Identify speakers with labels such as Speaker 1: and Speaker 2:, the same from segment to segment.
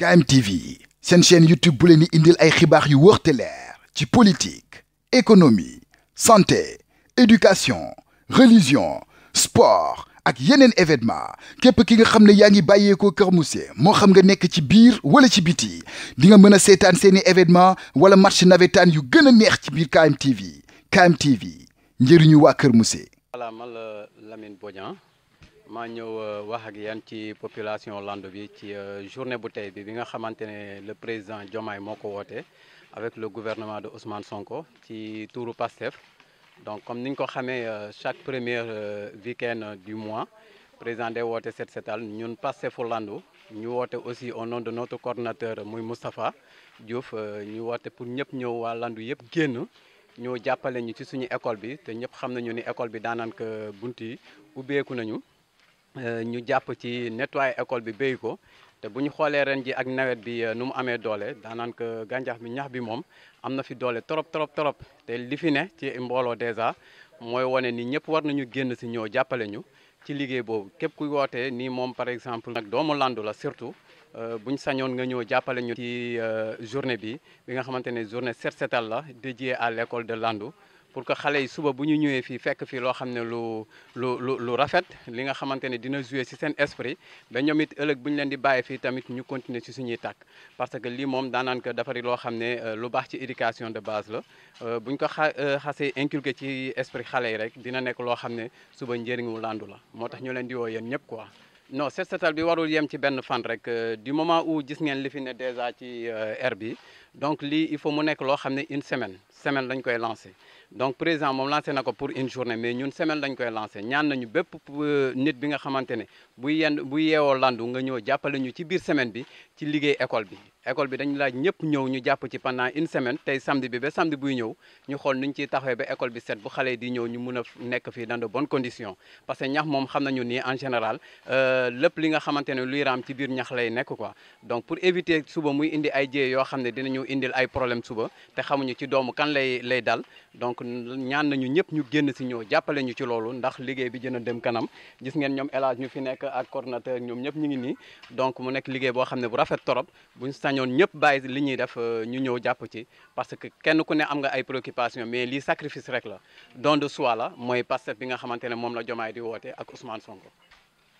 Speaker 1: KMTV une chaîne YouTube bu leen indil ay xibaar yu wërté lèr ci politique économie santé éducation religion sport ak yenen événement képp ki nga xamné ya yaa bayé ko Kër Mousse moo xam nga nek ci biir wala ci biti di nga mëna sétane séni seeni événement wala match navétane yu gëna neex ci biir KMTV KMTV ñëriñu wa Kër Mousse. voilà
Speaker 2: Lamine Bodian ma ñëw euh, wax ak yan ci population Lando bi ci euh, journée bu tey bi bi nga xamante ne le président Diomaye moo ko woote avec le gouvernement de Ousmane Sonko ci tuuru PASTEF donc comme niñ ko xamee euh, chaque premier week-end du mois président day woote set setal ñun PASTEFu Lando ñu woote aussi au nom de notre coordinateur muy Moustapha Diouf ñu woote pour ñëpp ñëw waa Lando yëpp génn. ñoo jàppale ñu ci suñu école bi te ñëpp xam nañu ni école bi daanaka que bunti ubbeeku nañu Euh, ñu jàpp ci nettoyer école bi béy ko te bu ñu xoolee ren ji ak nawet bi euh, nu mu amee doole daanaka gàncax bi ñax bi moom am na fi doole trop trop trop te li fi ne ci mbooloo dèjà mooy wane ni ñëpp war nañu génn si ñëw jàppale ñu ci liggéey boobu képp kuy wootee nii moom par exemple nag doomu landu la surtout euh, buñ sañoon nga ñëw jàppale ñu ci journée bi bi nga xamante ne journée set setal la dédiée à l'école de landu pour que xale yi suba bu ñu ñëwee fii fekk fii loo xam ne lu lu lu lu rafet li nga xamante ne dina jouer ci seen esprit ba ñoom it ëllëg bu ñu leen di bàyyi fii tamit ñu continuer ci suñuy tàkk parce que lii moom daanaan ko dafari loo xam ne euh, lu baax ci éducation de base la euh, bu ñu ko xa euh, xasee inculqué ci esprit xale yi rek dina nekk loo xam ne suba njëriñu landu la moo tax ñu leen di woo yéen ñëpp ko no set setal bi warul yem ci benn fan rek du moment u gis ngeen li fi ne déjà ci air bi donc lii il faut mu nekk loo xam une semaine semaine lañ koy lancé donc président moom lancé na pour une journée mais ñun semaine lañ koy lancé ñaan nañu bépp euh, nit bi nga xamante ne bu yenn bu yeewoo landu nga ñëw jàppale ñu ci biir semaine bi ci liggéey école bi école bi dañu la ñëpp ñëw ñu jàpp ci pendant une semaine tey samedi bi ba samedi buy ñëw ñu xool nuñ ciy taxawee ba école bi set bu xale di ñëw ñu mun a nekk dans de bonnes conditions parce que ñax moom xam nañu en général euh, lépp li nga xamante ne luy raam ci biir ñax lay nekk quoi donc pour éviter suba muy indi ay jiyee yoo xam ne dinañu ñu indil ay problème suba te xamuñu ci doomu kan lay lay dal donc ñaan nañu ñëpp ñu génn si ñëw jàppale ñu ci loolu ndax liggéey bi gën a dem kanam gis ngeen ñoom élage ñu fi nekk ak coordinateur ñoom ñëpp ñu ngi nii donc mu nekk liggéey boo xam ne bu rafet torop buñ sañoon ñëpp bàyyi li ñuy def euh, ñu ñëw jàpp ci parce que kenn ku ne am nga ay préoccupation mais lii sacrifice rek la don de soi la mooy Pastef bi nga xamante ne moom la Diomaye di woote ak Ousmane Sonko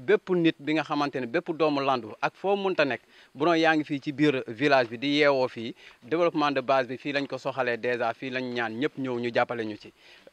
Speaker 2: bépp nit bi nga xamante ne bépp doomu landu ak foo munta nekk bu noo yaa ngi fii ci biir village bi di yeewoo fii développement de base bi fii lañ ko soxalee dèjà fii lañ ñaan ñëpp ñëw ñu jàppale ñu ci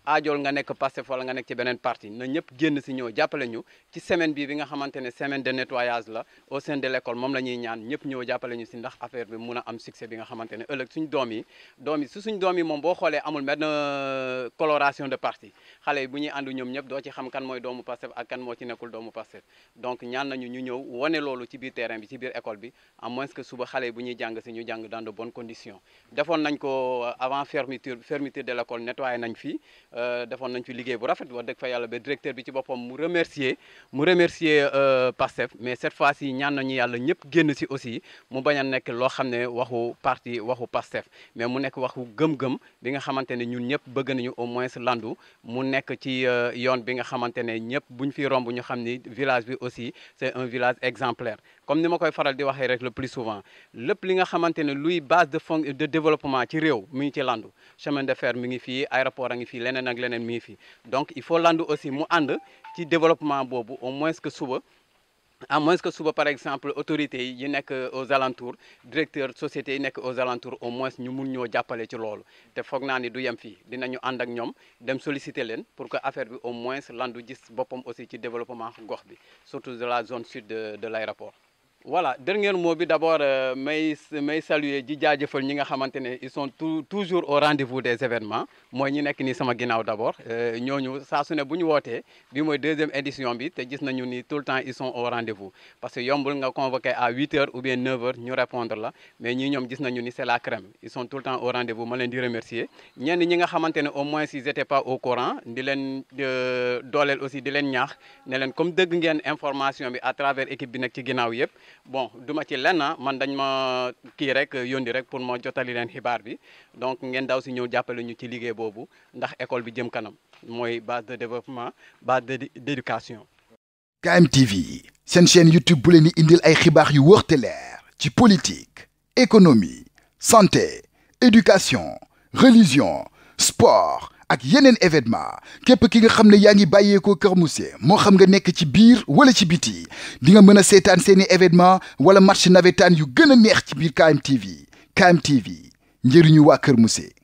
Speaker 2: aajool nga nekk Pastef fo nga nekk ci beneen parti na ñëpp génn si ñëw jàppale ñu ci semaine bi bi nga xamante ne semaine de nettoyage la au sein de l'école moom la ñuy ñaan ñëpp ñëw jàppale ñu si ndax affaire bi mun a am succès bi nga xamante ne ëllëg suñ doom yi doom yi su suñ doom yi moom boo xoolee amul benn euh, coloration de parti xale yi bu ñuy àndu ñoom ñëpp doo ci xam kan mooy doomu Pastef ak kan moo ci nekkul doomu Pastef donc ñaan nañu ñu ñëw wane loolu ci biir terrain bi ci biir école bi à moins que suba xale yi bu ñuy jàng si ñu jàng dans de bonnes conditions defoon nañ ko euh, avant fermeture fermeture de l'école nettoyé nañ fii euh, euh, defon nañ ci liggéey bu rafet wax dëgg fa yalla be directeur bi ci boppam mu remercier mu remercier euh, Pastef mais cette fois ci ñaan nañu yalla ñepp genn ci aussi mu baña nek lo loo waxu parti waxu Pastef mais mu nek waxu gëm-gëm bi nga xamantene ñun ñepp bëgg nañu au moins landu mu nek ci euh, yoon bi nga xamantene ñepp buñ fi romb ñu xamni village bi aussi c'est un village exemplaire comme nous avons koy faral di waxee rek le plus souvent le li nga lui luy base de fond de développement ci réew mi ci landu chemin de fer mi ngi fii aéroport a ngi fii ak mi donc il faut landu aussi mu ande ci développement bobu, au moins que souvent, à moins que souvent par exemple autorité yi aux alentours directeur société yi nekk aux alentours au moins ñu mun ñoo jàppale ci loolu te foog naa ni du yem fii dinañu ànd ak ñoom dem solliciter leen pour que affaire bi au moins landu gis boppam aussi ci développement gox bi surtout de la zone sud de de l'aéroport voilà dernier mot bi d'abord, abord euh, may may saluer ji jaajëfal ñi nga xamante ils sont toujours au rendez-vous des événements mooy ñi nekk nii sama ginnaaw d' abord euh, ñooñu saa su ne bu ñu wootee bi mooy deuxième édition bi te gis nañu ni tout le temps ils sont au rendez-vous parce que yombul nga convoqué à huit heures ou bien neuf heures ñu répondre la mais ñii ñoom gis nañu ni c' la crème ils sont tout le temps au rendez-vous ma leen di remercier ñenn ñi nga xamante au moins ils étaient pas au courant di de dooleel aussi di leen ñaax ne leen comme dëgg ngeen information bi à travers équipe bi nekk ci ginnaaw yëpp bon de ma ci man ma rek pour jotali bi donc ngeen daw si ñëw jàppale ci liggéey ndax école bi jëm kanam base de développement base d'éducation
Speaker 1: KMTV YouTube politique économie santé éducation religion sport ak yeneen événement képp ki nga xam ne yaa ngi bàyyeekoo Kër Mousse moo xam nga nekk ci biir wala ci biti di nga mën a seetaan seeni événement wala match navetaan yu gën a meex ci biir KMTV KMTV njëriñu waa Kër Mousse